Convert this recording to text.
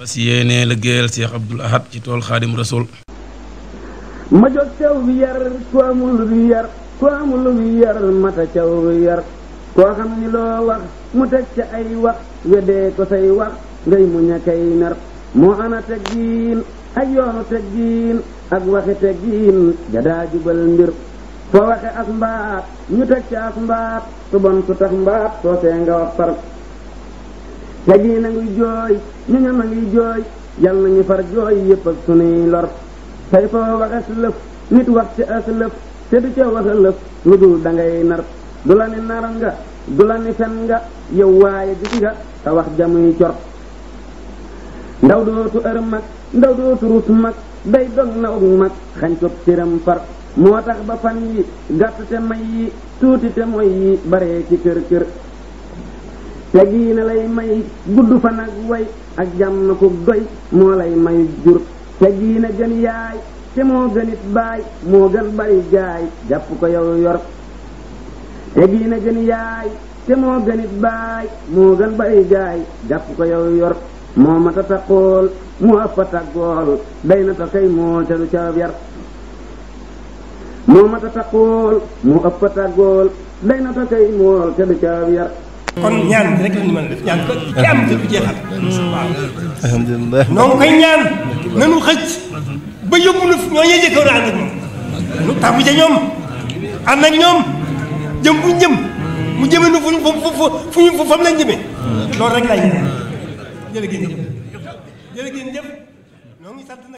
fas yéenee liggéeyal Cheikh Abdoul Ahad ci tool xaadim rasul ma jog caw yar ku amul bi yar mata caw bi yar koo xam ni loo wax mu teg ca ay wax wedee ko say wax ngay muñ a kay nar moo ana teggiin ak yoonu teggiin ak waxe teggiin jadaa jubal mbir foo waxe ak mbaat ñu teg ca ak mbaat su su tax mbaat soo nga wax par la diina nguy jooy ñu nga ma ngiy jooy yal nañu far jooy yépp sunuy lor say foo wax as lëf nit wax ci as lëf te du ca wax lëf lu dul da nar du la ni nar nga du la ni fen nga yow waaye gis nga te wax jamuy cor ndaw dootu ër mag ndaw dootu rut mag day dog na ug mag xañ ko cëram far moo tax ba fan yi gàtt te may yi tuuti te moy yi baree ci kër kër te gii na lay may gudd fan ak way ak jàmm na ko doy moo lay may jur te gii na gën yaay te moo gënit baay moo gën bari jaay jàpp ko yow yor te gii na gën yaay te moo gënit baay moo gën bari jaay jàpp ko yow yor moo mat a taqool a na ta kay mool moo mat a taqool mu a taggool day na ta kay mool te du ca yar kon ñaan rek la ñu mën a def ñaan ko ki am te du jeexal. waaw alhamdulilah. noonu koy ñaan nanu xëcc ba yóbbu na ñoo ñee jëkkoon ànd ak ñoom nu tàmbu ca ñoom jëm bu jëm mu jëme nu fu fu ñu fu fam lañ jëme loolu rek laay ñaan